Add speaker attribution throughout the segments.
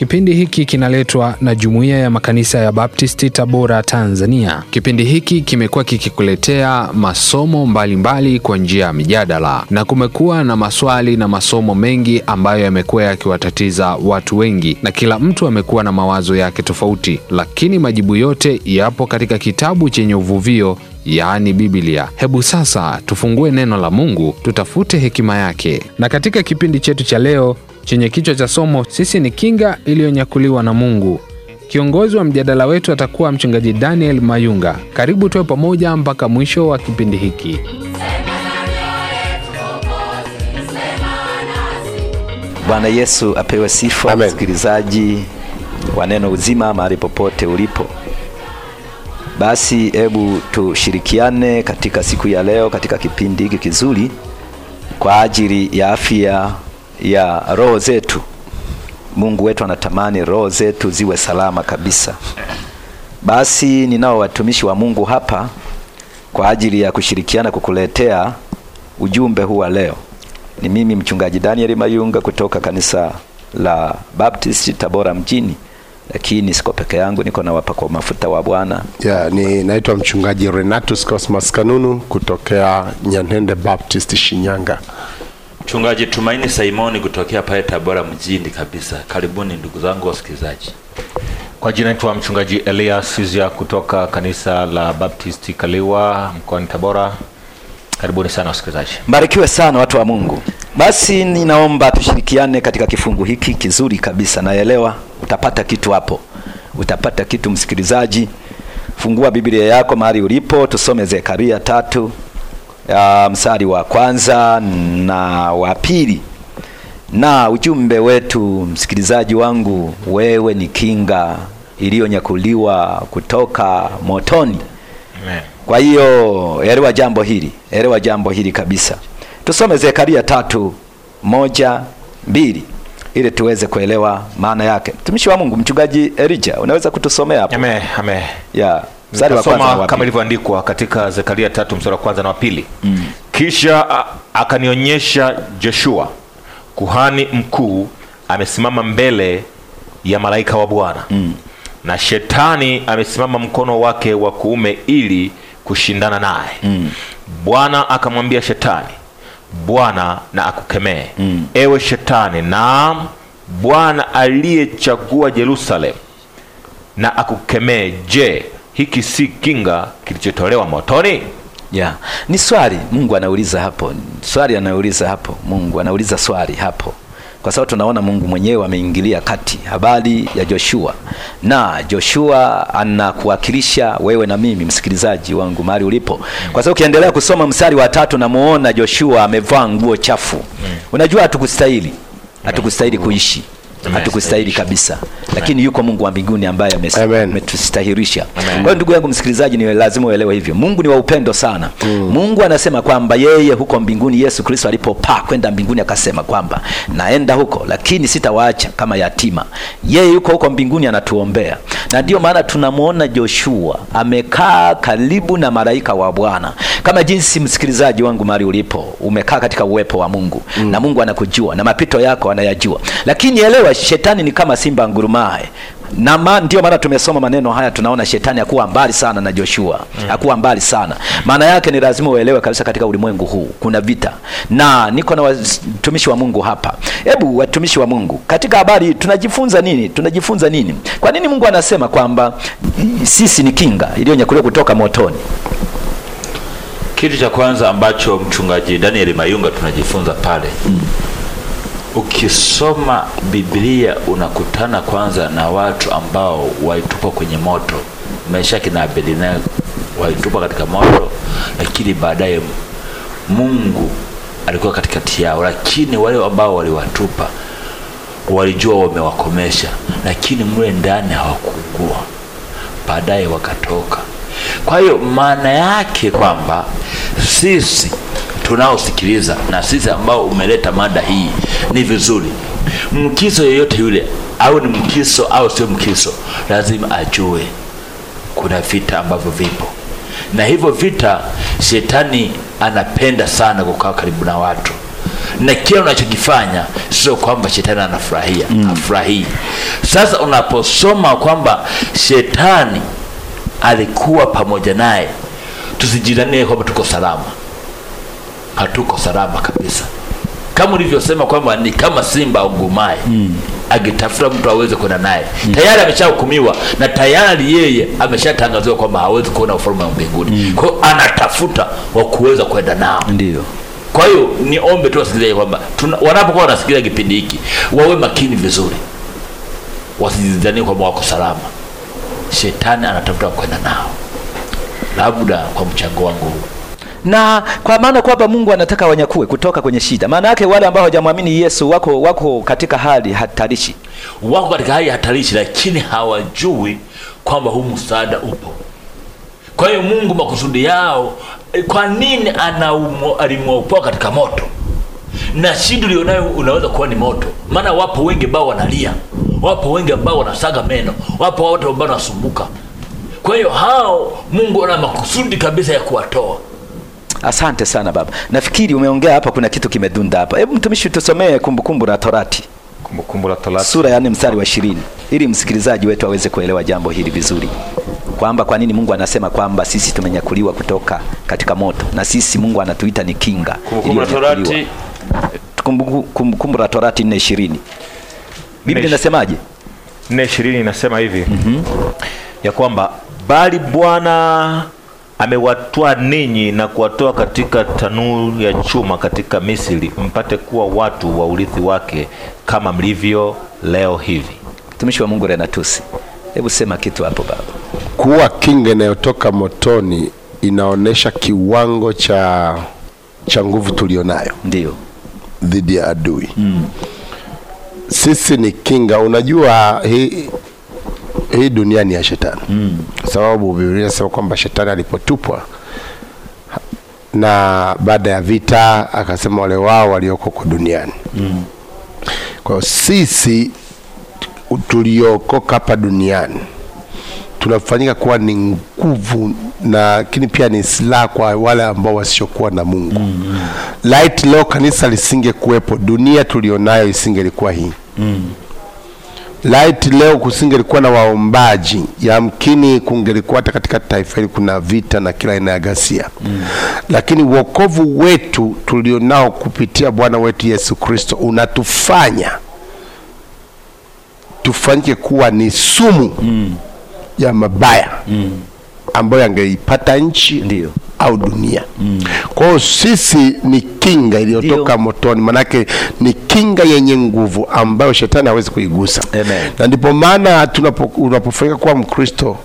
Speaker 1: Kipindi hiki kinaletwa na Jumuiya ya Makanisa ya Baptisti Tabora, Tanzania. Kipindi hiki kimekuwa kikikuletea masomo mbalimbali kwa njia ya mijadala, na kumekuwa na maswali na masomo mengi ambayo yamekuwa yakiwatatiza watu wengi, na kila mtu amekuwa na mawazo yake tofauti, lakini majibu yote yapo katika kitabu chenye uvuvio yaani Biblia. Hebu sasa tufungue neno la Mungu, tutafute hekima yake. Na katika kipindi chetu cha leo chenye kichwa cha somo sisi ni kinga iliyonyakuliwa na Mungu. Kiongozi wa mjadala wetu atakuwa mchungaji Daniel Mayunga. Karibu tuwe pamoja mpaka mwisho wa kipindi hiki.
Speaker 2: Bwana Yesu apewe sifa. Msikilizaji wa Neno Uzima, mahali popote ulipo, basi hebu tushirikiane katika siku ya leo katika kipindi hiki kizuri kwa ajili ya afya ya roho zetu. Mungu wetu anatamani roho zetu ziwe salama kabisa. Basi ninao watumishi wa Mungu hapa kwa ajili ya kushirikiana kukuletea ujumbe huu wa leo. Ni mimi mchungaji Daniel Mayunga kutoka kanisa la Baptist
Speaker 3: Tabora mjini, lakini siko peke yangu, niko na kwa mafuta wa Bwana. Yeah, ni naitwa mchungaji Renatus Cosmas Kanunu kutokea nyanende Baptist Shinyanga.
Speaker 4: Mchungaji Tumaini Saimoni kutokea pale Tabora mjini kabisa. Karibuni ndugu
Speaker 5: zangu wasikilizaji. Kwa jina naitwa mchungaji Elias Sizia kutoka kanisa la Baptisti Kaliwa mkoani Tabora. Karibuni sana wasikilizaji.
Speaker 2: Mbarikiwe sana watu wa Mungu. Basi ninaomba tushirikiane katika kifungu hiki kizuri kabisa. Naelewa utapata kitu hapo, utapata kitu msikilizaji. Fungua Biblia yako mahali ulipo, tusome Zekaria tatu uh, msari wa kwanza na wa pili. Na ujumbe wetu msikilizaji wangu, wewe ni kinga iliyonyakuliwa kutoka motoni. Amen. Kwa hiyo elewa jambo hili, elewa jambo hili kabisa. Tusome Zekaria tatu moja mbili ili tuweze kuelewa maana yake. Mtumishi wa Mungu, mchungaji Elija, unaweza kutusomea hapo? Amen, amen. Yeah. Nitasoma kama
Speaker 5: ilivyoandikwa katika Zekaria tatu mstari wa kwanza na wa pili. Mm. Kisha akanionyesha Joshua kuhani mkuu amesimama mbele ya malaika wa Bwana. Mm. Na shetani amesimama mkono wake wa kuume ili kushindana naye. Mm. Bwana akamwambia shetani, Bwana na akukemee. Mm. Ewe shetani, naam Bwana aliyechagua Yerusalemu na akukemee. Je, hiki si kinga
Speaker 2: kilichotolewa motoni? Yeah. Ni swali Mungu anauliza hapo, swali anauliza hapo, Mungu anauliza swali hapo, kwa sababu tunaona Mungu mwenyewe ameingilia kati habari ya Joshua, na Joshua anakuwakilisha wewe na mimi, msikilizaji wangu mahali ulipo, kwa sababu ukiendelea kusoma mstari wa tatu namuona Joshua amevaa nguo chafu. Mm. Unajua hatukustahili, hatukustahili kuishi hatukustahili kabisa, lakini yuko Mungu wa mbinguni ambaye ametustahirisha. Kwa ndugu yangu msikilizaji, ni lazima uelewe hivyo. Mungu ni wa upendo sana. Mm. Mungu anasema kwamba yeye huko mbinguni, Yesu Kristo alipopaa kwenda mbinguni akasema kwamba naenda huko, lakini sitawaacha kama yatima. Yeye yuko huko mbinguni anatuombea, na ndio maana tunamwona Joshua amekaa karibu na malaika wa Bwana, kama jinsi msikilizaji wangu mahali ulipo umekaa katika uwepo wa Mungu. Mm. na Mungu anakujua na mapito yako anayajua, lakini elewa Unajua shetani ni kama simba ngurumaye na ma, ndio maana tumesoma maneno haya, tunaona shetani akuwa mbali sana na Joshua mm. akuwa mbali sana maana yake ni lazima uelewe kabisa, katika ulimwengu huu kuna vita, na niko na watumishi wa Mungu hapa. Hebu watumishi wa Mungu, katika habari tunajifunza nini? Tunajifunza nini? Kwa nini Mungu anasema kwamba sisi ni kinga iliyonyakuliwa kutoka
Speaker 4: motoni? Kitu cha kwanza ambacho mchungaji Daniel Mayunga tunajifunza pale mm. Ukisoma Biblia unakutana kwanza na watu ambao walitupa kwenye moto. Meshaki na Abednego walitupa katika moto, lakini baadaye Mungu alikuwa katikati yao, lakini wale ambao waliwatupa walijua wamewakomesha, lakini mle ndani hawakuugua, baadaye wakatoka. Kwa hiyo maana yake kwamba sisi tunaosikiliza na sisi ambao umeleta mada hii, ni vizuri mkiso yeyote yule, au ni mkiso au sio mkiso, lazima ajue kuna vita ambavyo vipo, na hivyo vita, shetani anapenda sana kukaa karibu na watu na kile unachokifanya sio kwamba shetani anafurahia mm. Afurahii. Sasa unaposoma kwamba shetani alikuwa pamoja naye, tusijidhanie kwamba tuko salama hatuko salama kabisa, kama ulivyosema kwamba ni kama simba ungumaye mm. akitafuta mtu aweze kuenda naye mm. tayari ameshahukumiwa na tayari yeye ameshatangaziwa kwamba hawezi kuona ufalme wa mbinguni mm. kwa hiyo anatafuta wa kuweza kwenda nao ndio kwa hiyo niombe tu wasikilizaji kwamba wanapokuwa wanasikiliza kipindi hiki wawe makini vizuri, wasizidhani kwamba wako salama. Shetani anatafuta kwenda nao, labda kwa mchango wangu huu
Speaker 2: na kwa maana kwamba Mungu anataka wanyakue kutoka kwenye
Speaker 4: shida. Maana yake wale ambao hawajamwamini Yesu wako wako katika hali hatarishi, wako katika hali hatarishi, lakini hawajui kwamba huu msaada upo. Kwa hiyo Mungu makusudi yao, kwa nini alimwopoa katika moto? Na shida ulionayo unaweza kuwa ni moto, maana wapo wengi ambao wanalia, wapo wengi ambao wanasaga meno, wapo watu ambao wanasumbuka. Kwa hiyo hao Mungu ana makusudi kabisa ya kuwatoa
Speaker 2: Asante sana baba, nafikiri umeongea hapa, kuna kitu kimedunda hapa. Hebu mtumishi, tusomee Kumbukumbu la Torati, Kumbukumbu la Torati sura ya nne mstari wa ishirini ili msikilizaji wetu aweze kuelewa jambo hili vizuri, kwamba kwa nini Mungu anasema kwamba sisi tumenyakuliwa kutoka katika moto, na sisi Mungu anatuita ni kinga. Kumbukumbu la Torati, Kumbukumbu la Torati nne ishirini Biblia inasemaje? nne ishirini inasema hivi mm -hmm. ya kwamba bali Bwana
Speaker 5: amewatoa ninyi na kuwatoa katika tanuru ya chuma katika Misri, mpate kuwa watu wa urithi wake kama mlivyo leo hivi. Mtumishi
Speaker 2: wa Mungu Renatusi, hebu sema kitu hapo baba.
Speaker 3: Kuwa kinga inayotoka motoni inaonyesha kiwango cha cha nguvu tulionayo, ndio dhidi ya adui mm. Sisi ni kinga. Unajua hii hii dunia ni ya shetani mm. sababu Biblia inasema kwamba shetani alipotupwa na baada ya vita akasema wale wao walioko kwa duniani mm. kwa hiyo sisi tuliokoka hapa duniani tunafanyika kuwa ni nguvu na lakini pia ni silaha kwa wale ambao wasiokuwa na Mungu mm. mm. light law kanisa lisingekuwepo, dunia tulionayo isingelikuwa hii mm. Light leo kusingelikuwa na waombaji, yamkini kungelikuwa hata katika taifa hili kuna vita na kila aina ya ghasia mm. Lakini wokovu wetu tulionao kupitia Bwana wetu Yesu Kristo unatufanya tufanyike kuwa ni sumu mm. ya mabaya mm ambayo angeipata nchi ndio au dunia mm. Kwa hiyo sisi ni kinga iliyotoka motoni, manake ni kinga yenye nguvu ambayo shetani hawezi kuigusa Amen. Na ndipo maana tunapofika kuwa Mkristo,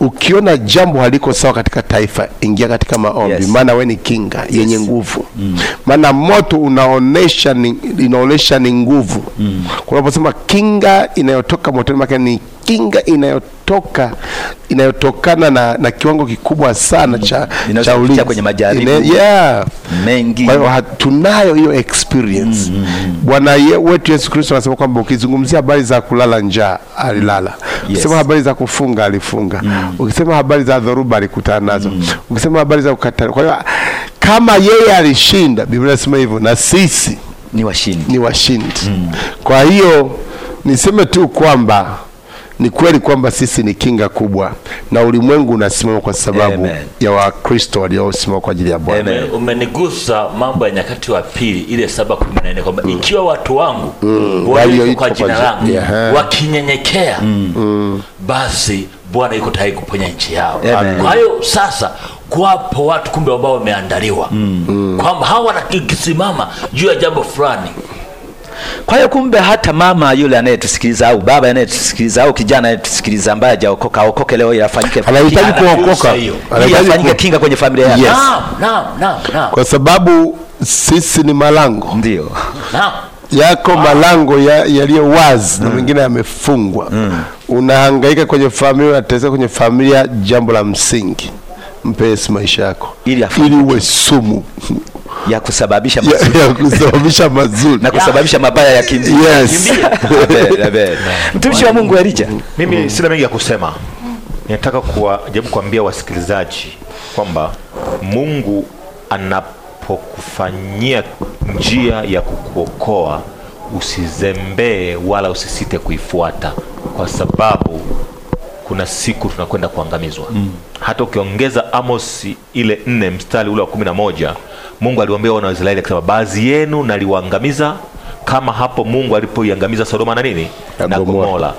Speaker 3: ukiona jambo haliko sawa katika taifa, ingia katika maombi yes. Maana we ni kinga yes. yenye nguvu mm. Maana moto unaonesha ni, inaonesha ni nguvu mm. Kwa unaposema kinga inayotoka motoni, manake ni kinga inayotoka inayotoka inayotokana na, na kiwango kikubwa sana cha cha ulinzi kwenye majaribu yeah. mengi. Kwa hiyo hatunayo hiyo experience mm -hmm. Bwana wetu Yesu Kristo anasema kwamba ukizungumzia habari za kulala njaa alilala, ukisema yes. habari za kufunga alifunga mm -hmm. ukisema habari za dhoruba alikutana nazo mm -hmm. ukisema habari za kukatana. Kwa hiyo kama yeye alishinda, Biblia inasema hivyo, na sisi ni washindi, ni washindi mm -hmm. kwa hiyo niseme tu kwamba ni kweli kwamba sisi ni kinga kubwa na ulimwengu unasimama kwa sababu Amen. ya Wakristo waliosimama kwa ajili ya Bwana.
Speaker 4: Umenigusa mambo ya Nyakati wa Pili ile 7:14 kumi na kwamba mm. ikiwa watu wangu mm. walio kwa jina langu yeah. wakinyenyekea mm. mm. basi Bwana yuko tayari kuponya nchi yao. Kwa hiyo sasa kwapo watu kumbe ambao wameandaliwa mm. mm. kwamba hawa wanakisimama juu ya jambo fulani
Speaker 2: kwa hiyo kumbe hata mama yule anayetusikiliza au baba anayetusikiliza au kijana anayetusikiliza ambaye hajaokoka aokoke leo, yafanyike anahitaji kuokoka,
Speaker 3: yafanyike kinga kwenye familia yake. Yes. Naam,
Speaker 4: naam, naam, naam.
Speaker 3: Kwa sababu sisi ni malango. Ndio. Naam. Yako wow. Ah. Malango yaliyo ya wazi mm. na mengine yamefungwa mm. Unahangaika kwenye familia, unateseka kwenye familia. Jambo la msingi, mpe Yesu maisha yako ili uwe sumu ya kusababisha mazuri, ya, ya kusababisha mazuri na kusababisha mabaya ya kimbi. Yes.
Speaker 2: Mtumishi wa Mungu Elija,
Speaker 5: mimi sina mengi ya kusema. Ninataka kujaribu kuambia wasikilizaji kwamba Mungu anapokufanyia njia ya kukuokoa usizembee wala usisite kuifuata, kwa sababu kuna siku tunakwenda kuangamizwa mm. hata ukiongeza amos ile nne mstari ule wa kumi na moja Mungu aliwaambia wana wa Israeli akisema, baadhi yenu naliwaangamiza kama hapo Mungu alipoiangamiza Sodoma na nini na Gomora,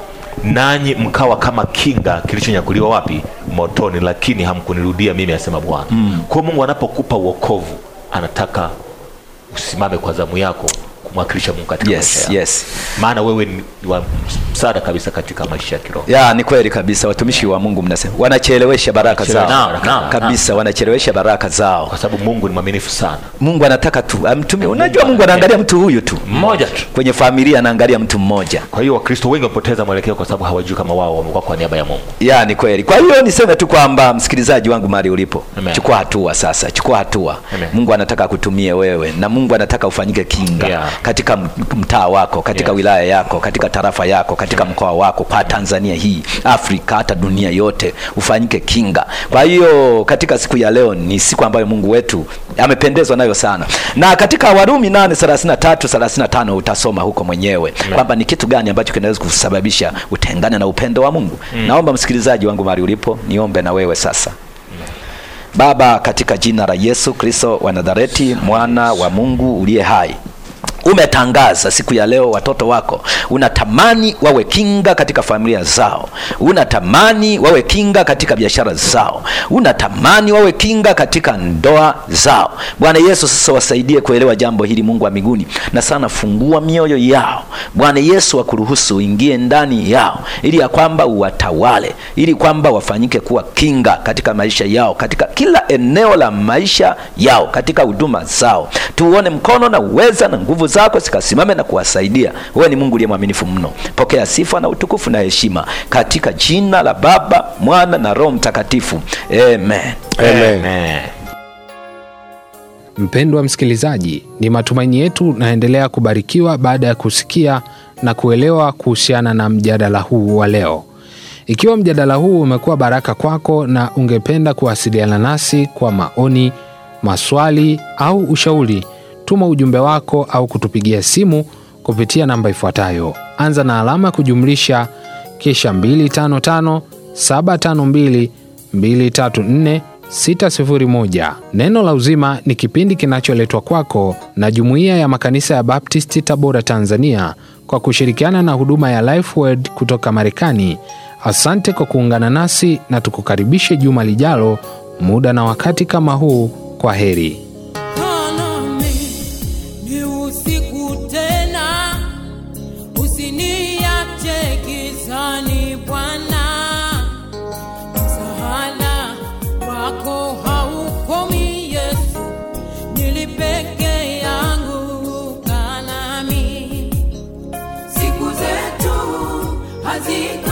Speaker 5: nanyi mkawa kama kinga kilichonyakuliwa wapi? Motoni, lakini hamkunirudia mimi, asema Bwana. Mm. Kwa Mungu anapokupa wokovu anataka usimame kwa zamu yako kumwakilisha Mungu katika yes, maisha Yes. Maana wewe ni wa msaada kabisa katika
Speaker 2: maisha ya kiroho. Ya, ni kweli kabisa watumishi wa Mungu mnasema wanachelewesha baraka zao. Na, na, kabisa na. Wanachelewesha baraka zao. Kwa sababu Mungu ni mwaminifu sana. Mungu anataka tu amtumi. Ah, Unajua Mungu anaangalia mtu huyu tu. Mmoja tu. Kwenye familia anaangalia mtu mmoja.
Speaker 5: Kwa hiyo Wakristo wengi wamepoteza mwelekeo kwa sababu hawajui kama wao wamekuwa kwa niaba ya Mungu.
Speaker 2: Ya, ni kweli. Kwa hiyo niseme tu kwamba msikilizaji wangu mahali ulipo. Amen. Chukua hatua sasa. Chukua hatua. Amen. Mungu anataka kutumie wewe na Mungu anataka ufanyike kinga. Yeah katika mtaa wako, katika yes. wilaya yako, katika tarafa yako, katika mkoa wako, kwa Tanzania hii, Afrika, hata dunia yote ufanyike kinga. Kwa hiyo katika siku ya leo ni siku ambayo Mungu wetu amependezwa nayo sana, na katika Warumi 8:33 35 utasoma huko mwenyewe kwamba ni kitu gani ambacho kinaweza kusababisha utengane na upendo wa Mungu. Mm. Naomba msikilizaji wangu mahali ulipo, niombe na wewe sasa. Baba, katika jina la Yesu Kristo wa Nazareti, mwana wa Mungu uliye hai Umetangaza siku ya leo, watoto wako unatamani wawe kinga katika familia zao, unatamani wawe kinga katika biashara zao, unatamani wawe kinga katika ndoa zao. Bwana Yesu, sasa wasaidie kuelewa jambo hili, Mungu wa mbinguni, na sana fungua mioyo yao Bwana Yesu, wakuruhusu uingie ndani yao, ili ya kwamba uwatawale, ili kwamba wafanyike kuwa kinga katika maisha yao, katika kila eneo la maisha yao, katika huduma zao, tuone mkono na uweza na nguvu zako zikasimame na kuwasaidia. Wewe ni Mungu uliye mwaminifu mno. Pokea sifa na utukufu na heshima katika jina la Baba, Mwana na Roho Mtakatifu. Amen. Amen. Amen.
Speaker 1: Mpendwa msikilizaji, ni matumaini yetu naendelea kubarikiwa baada ya kusikia na kuelewa kuhusiana na mjadala huu wa leo. Ikiwa mjadala huu umekuwa baraka kwako na ungependa kuwasiliana nasi kwa maoni, maswali au ushauri kutuma ujumbe wako au kutupigia simu kupitia namba ifuatayo: anza na alama ya kujumlisha kisha 255 752 234 601. Neno la Uzima ni kipindi kinacholetwa kwako na Jumuiya ya Makanisa ya Baptisti Tabora, Tanzania, kwa kushirikiana na huduma ya Lifeword kutoka Marekani. Asante kwa kuungana nasi na tukukaribishe juma lijalo, muda na wakati kama huu. Kwa heri.
Speaker 2: Azita.